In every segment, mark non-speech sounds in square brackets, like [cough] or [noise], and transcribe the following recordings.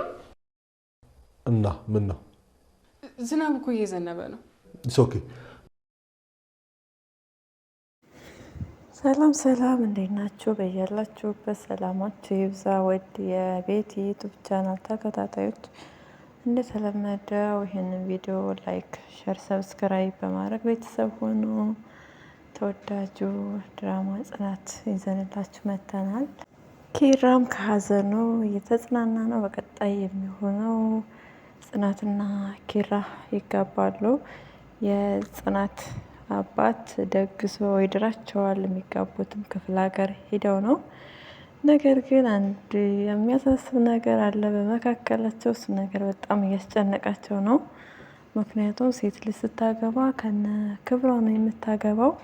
ነው እና ምን ነው? ዝናብ እኮ እየዘነበ ነው። ኦኬ። ሰላም ሰላም፣ እንዴት ናችሁ? በያላችሁበት ሰላማችሁ ይብዛ። ወድ የቤት ዩቱብ ቻናል ተከታታዮች እንደተለመደው ይህንን ቪዲዮ ላይክ፣ ሸር፣ ሰብስክራይብ በማድረግ ቤተሰብ ሆኑ ተወዳጁ ድራማ ጽናት ይዘንላችሁ መጥተናል። ኪራም ከሀዘኑ እየተጽናና ነው። በቀጣይ የሚሆነው ጽናትና ኪራ ይጋባሉ። የጽናት አባት ደግሶ ይድራቸዋል። የሚጋቡትም ክፍለ ሀገር ሄደው ነው። ነገር ግን አንድ የሚያሳስብ ነገር አለ በመካከላቸው። እሱ ነገር በጣም እያስጨነቃቸው ነው። ምክንያቱም ሴት ልጅ ስታገባ ከነ ክብሯ ነው የምታገባው።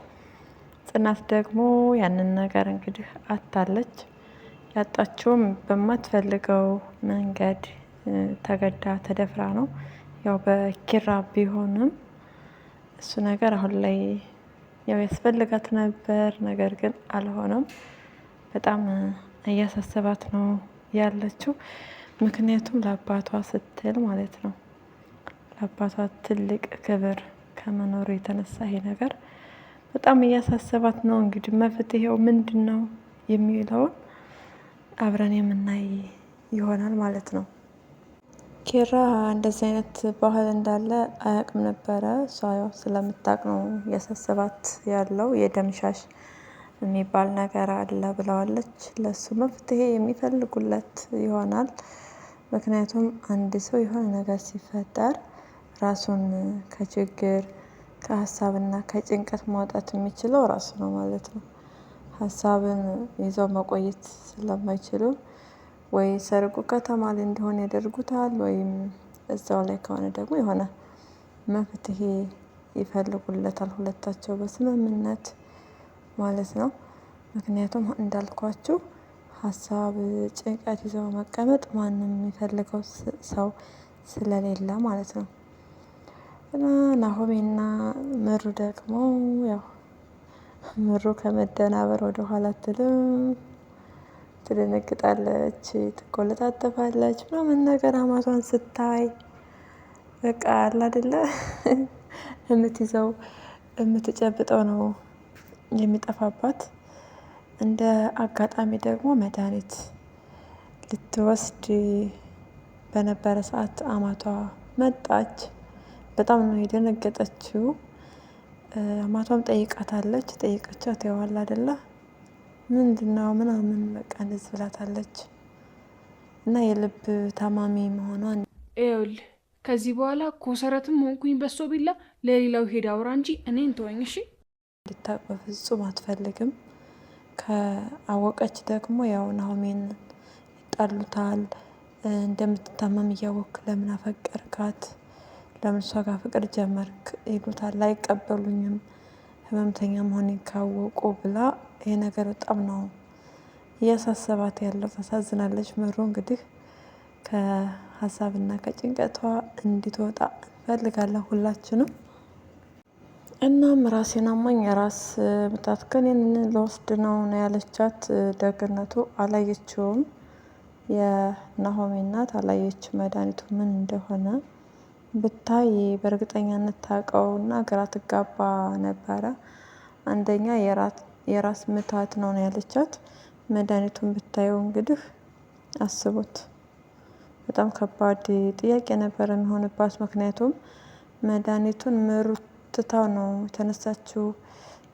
ጽናት ደግሞ ያንን ነገር እንግዲህ አታለች። ያጣችውም በማትፈልገው መንገድ ተገዳ ተደፍራ ነው። ያው በኪራ ቢሆንም እሱ ነገር አሁን ላይ ያው ያስፈልጋት ነበር፣ ነገር ግን አልሆነም። በጣም እያሳሰባት ነው ያለችው። ምክንያቱም ለአባቷ ስትል ማለት ነው። ለአባቷ ትልቅ ክብር ከመኖሩ የተነሳ ይሄ ነገር በጣም እያሳሰባት ነው። እንግዲህ መፍትሄው ምንድን ነው የሚለውን አብረን የምናይ ይሆናል ማለት ነው። ኪራ እንደዚህ አይነት ባህል እንዳለ አያውቅም ነበረ። እሷ ስለምታውቅ ነው የሰስባት ያለው የደምሻሽ የሚባል ነገር አለ ብለዋለች። ለሱ መፍትሄ የሚፈልጉለት ይሆናል። ምክንያቱም አንድ ሰው የሆነ ነገር ሲፈጠር ራሱን ከችግር ከሀሳብና ከጭንቀት ማውጣት የሚችለው ራሱ ነው ማለት ነው። ሀሳብን ይዘው መቆየት ስለማይችሉ ወይ ሰርጉ ከተማ ላይ እንዲሆን ያደርጉታል ወይም እዛው ላይ ከሆነ ደግሞ የሆነ መፍትሄ ይፈልጉለታል ሁለታቸው በስምምነት ማለት ነው። ምክንያቱም እንዳልኳችሁ ሀሳብ ጭንቀት ይዘው መቀመጥ ማንም የሚፈልገው ሰው ስለሌለ ማለት ነው። ናሆሜና ምሩ ደግሞ ያው ምሩ ከመደናበር ወደ ኋላ ትልም ትደነግጣለች፣ ትቆለጣጠፋለች ምናምን ነገር አማቷን ስታይ በቃ አለ አይደለ [laughs] የምትይዘው የምትጨብጠው ነው የሚጠፋባት። እንደ አጋጣሚ ደግሞ መድኃኒት ልትወስድ በነበረ ሰዓት አማቷ መጣች። በጣም ነው የደነገጠችው። አማቷም ጠይቃታለች። ጠይቀቻት ያዋል አደላ ምንድነው ምናምን በቃ እንደዚህ ብላታለች። እና የልብ ታማሚ መሆኗን ይውል ከዚህ በኋላ ኮሰረትም ሆንኩኝ በሶ ቢላ ለሌላው ሄድ አውራ እንጂ እኔን ተወኝ እሺ። እንድታቅ በፍጹም አትፈልግም። ከአወቀች ደግሞ ያው ናሆሜን ይጣሉታል። እንደምትታመም እያወክ ለምን አፈቀርካት ለምን እሷ ጋር ፍቅር ጀመርክ ይሉታል። አይቀበሉኝም ህመምተኛ መሆኔ ካወቁ ብላ ይሄ ነገር በጣም ነው እያሳሰባት ያለው። ታሳዝናለች። ምሩ እንግዲህ ከሀሳብና ከጭንቀቷ እንድትወጣ እንፈልጋለን ሁላችንም። እናም ራሴን አማኝ የራስ ምታት ግን ይህንን ለወስድ ነው ነው ያለቻት። ደግነቱ አላየችውም። የናሆሜ እናት አላየች መድኃኒቱ ምን እንደሆነ ብታይ በእርግጠኛነት እና ግራ ትጋባ ነበረ። አንደኛ የራስ ምታት ነው ያለቻት። መድኃኒቱን ብታየው እንግዲህ አስቡት። በጣም ከባድ ጥያቄ ነበረ የሚሆንባት። ምክንያቱም መድሃኒቱን ምርትታው ነው የተነሳችው።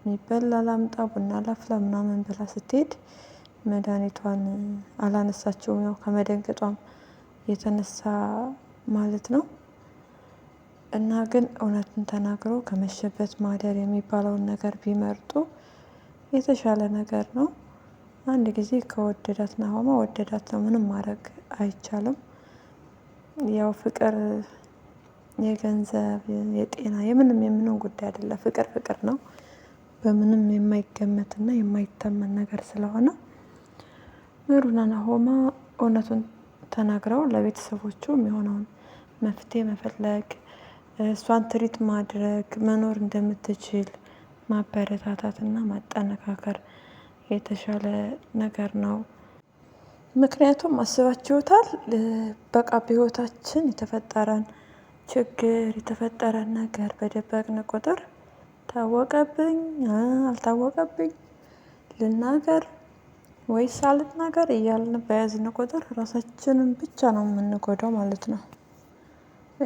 የሚበላ ላምጣ፣ ቡና ላፍላ ምናምን ብላ ስትሄድ መድኃኒቷን አላነሳችውም። ያው ከመደንገጧም የተነሳ ማለት ነው። እና ግን እውነትን ተናግሮ ከመሸበት ማደር የሚባለውን ነገር ቢመርጡ የተሻለ ነገር ነው። አንድ ጊዜ ከወደዳት ናሆማ ወደዳት ነው፣ ምንም ማድረግ አይቻልም። ያው ፍቅር የገንዘብ የጤና የምንም የምንም ጉዳይ አይደለም። ፍቅር ፍቅር ነው፣ በምንም የማይገመትና የማይተመን ነገር ስለሆነ ምሩና ናሆማ እውነቱን ተናግረው ለቤተሰቦቹ የሚሆነውን መፍትሄ መፈለግ እሷን ትሪት ማድረግ መኖር እንደምትችል ማበረታታት እና ማጠነካከር የተሻለ ነገር ነው። ምክንያቱም አስባችሁታል፣ በቃ በህይወታችን የተፈጠረን ችግር የተፈጠረን ነገር በደበቅን ቁጥር ታወቀብኝ አልታወቀብኝ ልናገር ወይስ አልናገር እያልን በያዝን ቁጥር ራሳችንን ብቻ ነው የምንጎዳው ማለት ነው።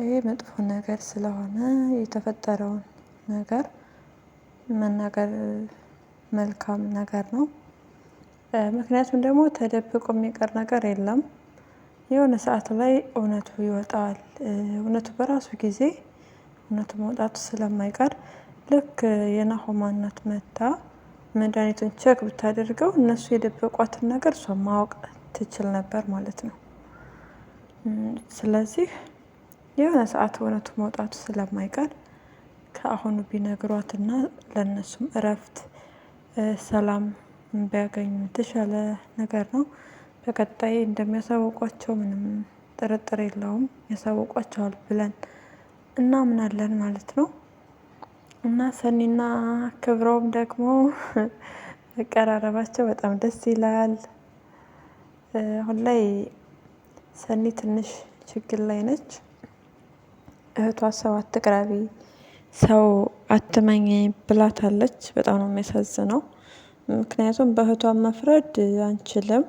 ይህ መጥፎ ነገር ስለሆነ የተፈጠረውን ነገር መናገር መልካም ነገር ነው። ምክንያቱም ደግሞ ተደብቆ የሚቀር ነገር የለም። የሆነ ሰዓት ላይ እውነቱ ይወጣል። እውነቱ በራሱ ጊዜ እውነቱ መውጣቱ ስለማይቀር ልክ የናሆማ እናት መታ መድኃኒቱን ቸክ ብታደርገው እነሱ የደበቋትን ነገር እሷ ማወቅ ትችል ነበር ማለት ነው። ስለዚህ የሆነ ሰዓት እውነቱ መውጣቱ ስለማይቀር ከአሁኑ ቢነግሯትና ለእነሱም እረፍት ሰላም ቢያገኙ የተሻለ ነገር ነው። በቀጣይ እንደሚያሳውቋቸው ምንም ጥርጥር የለውም። ያሳውቋቸዋል ብለን እናምናለን ማለት ነው። እና ሰኒና ክብረውም ደግሞ [laughs] መቀራረባቸው በጣም ደስ ይላል። አሁን ላይ ሰኒ ትንሽ ችግር ላይ ነች። እህቷ ሰው አትቅረቢ፣ ሰው አትመኝ ብላታለች። በጣም ነው የሚያሳዝነው። ምክንያቱም በእህቷ መፍረድ አንችልም።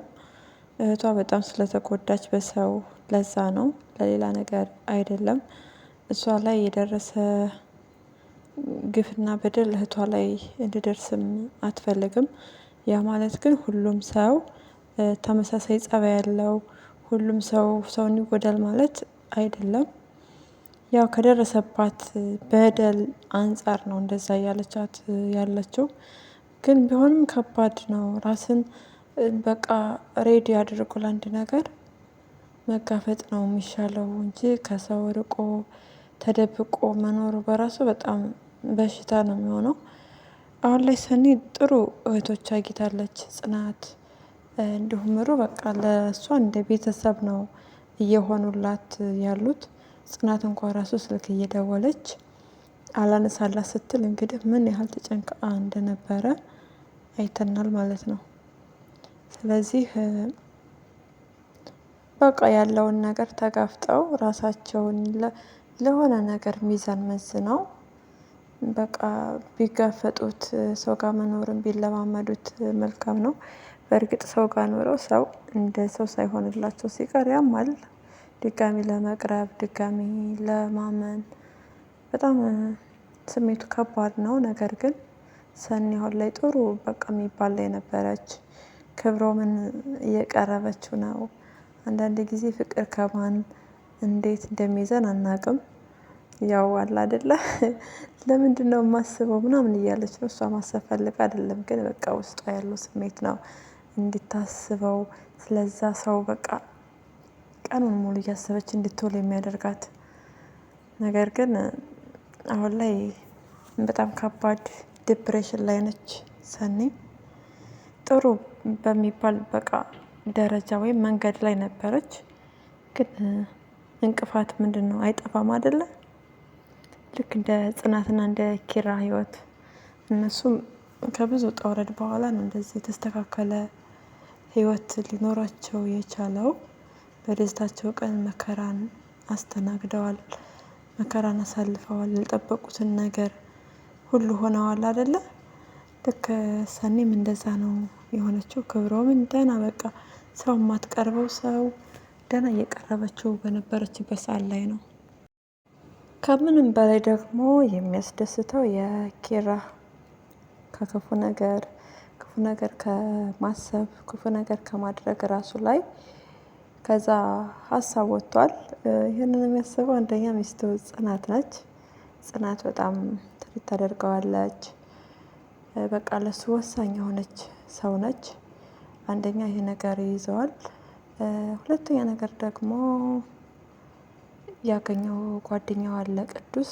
እህቷ በጣም ስለተጎዳች በሰው ለዛ ነው፣ ለሌላ ነገር አይደለም። እሷ ላይ የደረሰ ግፍና በደል እህቷ ላይ እንዲደርስም አትፈልግም። ያ ማለት ግን ሁሉም ሰው ተመሳሳይ ጸባይ ያለው ሁሉም ሰው ሰውን ይጎዳል ማለት አይደለም። ያው ከደረሰባት በደል አንጻር ነው እንደዛ እያለቻት ያለችው። ግን ቢሆንም ከባድ ነው። ራስን በቃ ሬዲ አድርጎ ለአንድ ነገር መጋፈጥ ነው የሚሻለው እንጂ ከሰው ርቆ ተደብቆ መኖሩ በራሱ በጣም በሽታ ነው የሚሆነው። አሁን ላይ ሰኒ ጥሩ እህቶች አግኝታለች። ጽናት እንዲሁም ምሩ በቃ ለእሷ እንደ ቤተሰብ ነው እየሆኑላት ያሉት። ጽናት እንኳ ራሱ ስልክ እየደወለች አላነሳላ ስትል እንግዲህ ምን ያህል ተጨንቃ እንደነበረ አይተናል ማለት ነው። ስለዚህ በቃ ያለውን ነገር ተጋፍጠው ራሳቸውን ለሆነ ነገር ሚዛን መዝነው በቃ ቢጋፈጡት ሰው ጋር መኖርን ቢለማመዱት መልካም ነው። በእርግጥ ሰው ጋር ኖረው ሰው እንደ ሰው ሳይሆንላቸው ሲቀር ያማል። ድጋሚ ለመቅረብ ድጋሚ ለማመን በጣም ስሜቱ ከባድ ነው። ነገር ግን ሰኒ አሁን ላይ ጥሩ በቃ የሚባል ላይ ነበረች። ክብሮምን እየቀረበችው ነው። አንዳንድ ጊዜ ፍቅር ከማን እንዴት እንደሚይዘን አናቅም። ያው አለ አይደለ [laughs] ለምንድን ነው የማስበው ምናምን እያለች ነው እሷ ማሰብ ፈልግ አይደለም፣ ግን በቃ ውስጧ ያለው ስሜት ነው እንዲታስበው ስለዛ ሰው በቃ ቀኑን ሙሉ እያሰበች እንድትውል የሚያደርጋት ነገር ግን አሁን ላይ በጣም ከባድ ዲፕሬሽን ላይ ነች ሰኒ። ጥሩ በሚባል በቃ ደረጃ ወይም መንገድ ላይ ነበረች፣ ግን እንቅፋት ምንድን ነው አይጠፋም አይደለ? ልክ እንደ ጽናትና እንደ ኪራ ህይወት እነሱም ከብዙ ጠውረድ በኋላ ነው እንደዚህ የተስተካከለ ህይወት ሊኖራቸው የቻለው። በደስታቸው ቀን መከራን አስተናግደዋል፣ መከራን አሳልፈዋል፣ ያልጠበቁትን ነገር ሁሉ ሆነዋል አደለ? ልክ ሰኔም እንደዛ ነው የሆነችው። ክብረውም ደህና በቃ ሰው የማትቀርበው ሰው ደህና እየቀረበችው በነበረችበት ሰዓት ላይ ነው። ከምንም በላይ ደግሞ የሚያስደስተው የኪራ ከክፉ ነገር ክፉ ነገር ከማሰብ ክፉ ነገር ከማድረግ ራሱ ላይ ከዛ ሀሳብ ወጥቷል። ይህንን የሚያስበው አንደኛ ሚስቱ ጽናት ነች። ጽናት በጣም ትሪት ታደርገዋለች። በቃ ለሱ ወሳኝ የሆነች ሰው ነች። አንደኛ ይህ ነገር ይዘዋል። ሁለተኛ ነገር ደግሞ ያገኘው ጓደኛው አለ ቅዱስ።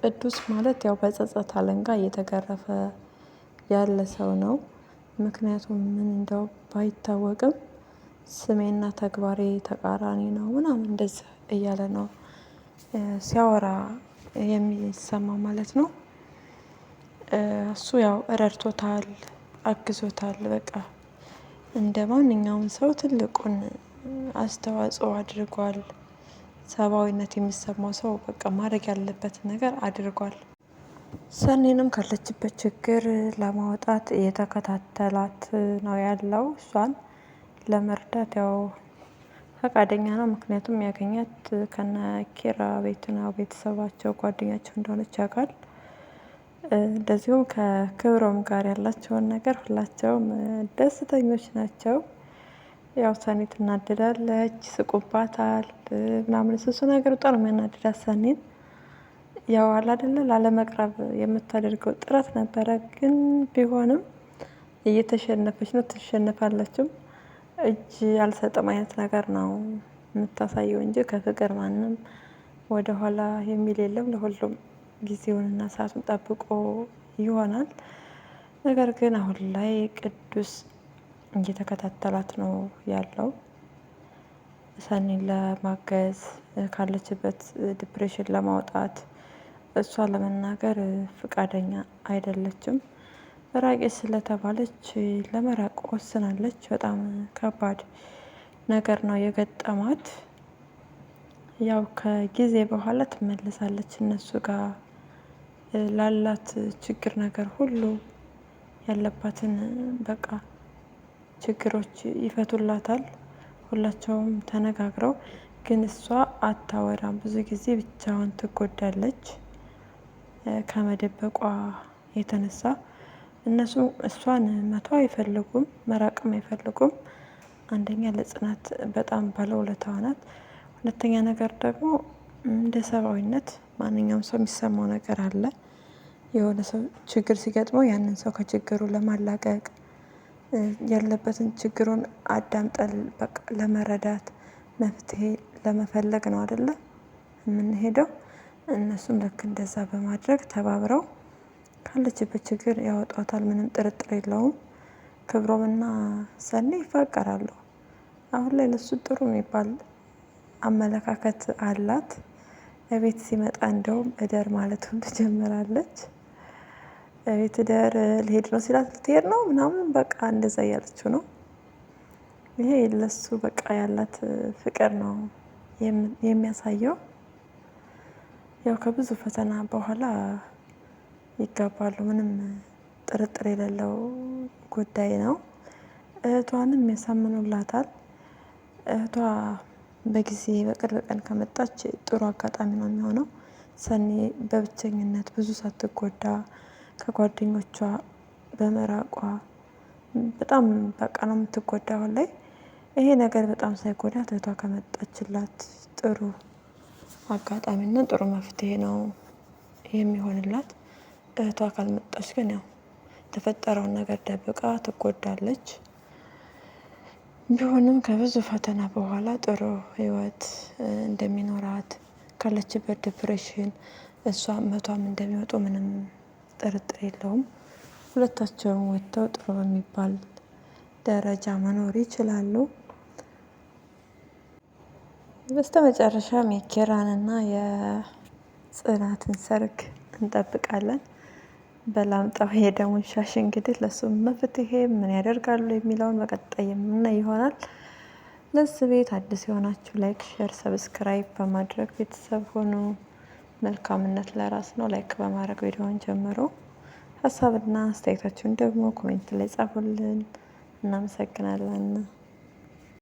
ቅዱስ ማለት ያው በጸጸት አለንጋ እየተገረፈ ያለ ሰው ነው። ምክንያቱም ምን እንደው ባይታወቅም ስሜና ተግባሬ ተቃራኒ ነው ምናምን እንደዚህ እያለ ነው ሲያወራ የሚሰማው ማለት ነው። እሱ ያው ረድቶታል፣ አግዞታል። በቃ እንደ ማንኛውም ሰው ትልቁን አስተዋጽኦ አድርጓል። ሰብአዊነት የሚሰማው ሰው በቃ ማድረግ ያለበትን ነገር አድርጓል። ሰኔንም ካለችበት ችግር ለማውጣት እየተከታተላት ነው ያለው እሷን ለመርዳት ያው ፈቃደኛ ነው። ምክንያቱም ያገኛት ከነ ኪራ ቤትና ቤተሰባቸው ጓደኛቸው እንደሆነች ያውቃል። እንደዚሁም ከክብሮም ጋር ያላቸውን ነገር ሁላቸውም ደስተኞች ናቸው። ያው ሰኔ ትናደዳለች፣ ስቁባታል ምናምን ስሱ ነገር ጦር ነው የሚያናድዳት ሰኔን። ያው አላደለ ላለመቅረብ የምታደርገው ጥረት ነበረ፣ ግን ቢሆንም እየተሸነፈች ነው። ትሸነፋለችም። እጅ ያልሰጠም አይነት ነገር ነው የምታሳየው እንጂ ከፍቅር ማንም ወደኋላ የሚል የለም። ለሁሉም ጊዜውንና ሰዓቱን ጠብቆ ይሆናል። ነገር ግን አሁን ላይ ቅዱስ እየተከታተላት ነው ያለው ሰኒን ለማገዝ ካለችበት ዲፕሬሽን ለማውጣት እሷ ለመናገር ፍቃደኛ አይደለችም። ራቂ ስለተባለች ለመራቅ ወስናለች። በጣም ከባድ ነገር ነው የገጠማት። ያው ከጊዜ በኋላ ትመለሳለች። እነሱ ጋር ላላት ችግር ነገር ሁሉ ያለባትን በቃ ችግሮች ይፈቱላታል። ሁላቸውም ተነጋግረው ግን እሷ አታወራም። ብዙ ጊዜ ብቻዋን ትጎዳለች ከመደበቋ የተነሳ እነሱ እሷን መተው አይፈልጉም፣ መራቅም አይፈልጉም። አንደኛ ለጽናት በጣም ባለውለታ ናት። ሁለተኛ ነገር ደግሞ እንደ ሰብአዊነት ማንኛውም ሰው የሚሰማው ነገር አለ። የሆነ ሰው ችግር ሲገጥመው ያንን ሰው ከችግሩ ለማላቀቅ ያለበትን ችግሩን አዳምጠን በቃ ለመረዳት መፍትሄ ለመፈለግ ነው አደለ የምንሄደው። እነሱም ልክ እንደዛ በማድረግ ተባብረው ካለችበት ችግር ያወጧታል። ምንም ጥርጥር የለውም። ክብሮምና ሰኔ ይፋቀራሉ። አሁን ላይ ለሱ ጥሩ የሚባል አመለካከት አላት። እቤት ሲመጣ እንደውም እደር ማለት ሁሉ ትጀምራለች። እቤት እደር ልሄድ ነው ሲላት ልትሄድ ነው ምናምን በቃ እንደዛ እያለችው ነው። ይሄ ለሱ በቃ ያላት ፍቅር ነው የሚያሳየው። ያው ከብዙ ፈተና በኋላ ይጋባሉ። ምንም ጥርጥር የሌለው ጉዳይ ነው። እህቷንም ያሳምኑላታል። እህቷ በጊዜ በቅርብ ቀን ከመጣች ጥሩ አጋጣሚ ነው የሚሆነው። ሰኒ በብቸኝነት ብዙ ሳትጎዳ ከጓደኞቿ በመራቋ በጣም በቃ ነው የምትጎዳ አሁን ላይ። ይሄ ነገር በጣም ሳይጎዳት እህቷ ከመጣችላት ጥሩ አጋጣሚና ጥሩ መፍትሄ ነው የሚሆንላት። እህቷ ካልመጣች ግን ያው የተፈጠረውን ነገር ደብቃ ትጎዳለች። ቢሆንም ከብዙ ፈተና በኋላ ጥሩ ህይወት እንደሚኖራት ካለችበት ዲፕሬሽን እሷ መቷም እንደሚወጡ ምንም ጥርጥር የለውም። ሁለታቸውም ወጥተው ጥሩ በሚባል ደረጃ መኖር ይችላሉ። በስተ መጨረሻም የኪራንና የጽናትን ሰርግ እንጠብቃለን። በላምጣው የደሙን ሻሽ እንግዲህ ለሱ መፍትሄ ምን ያደርጋሉ የሚለውን በቀጣይ የምናይ ይሆናል። ለዚህ ቤት አዲስ የሆናችሁ ላይክ፣ ሼር፣ ሰብስክራይብ በማድረግ ቤተሰብ ሆኑ። መልካምነት ለራስ ነው። ላይክ በማድረግ ቪዲዮውን ጀምሮ ሀሳብና አስተያየታችሁን ደግሞ ኮሜንት ላይ ጻፉልን። እናመሰግናለን።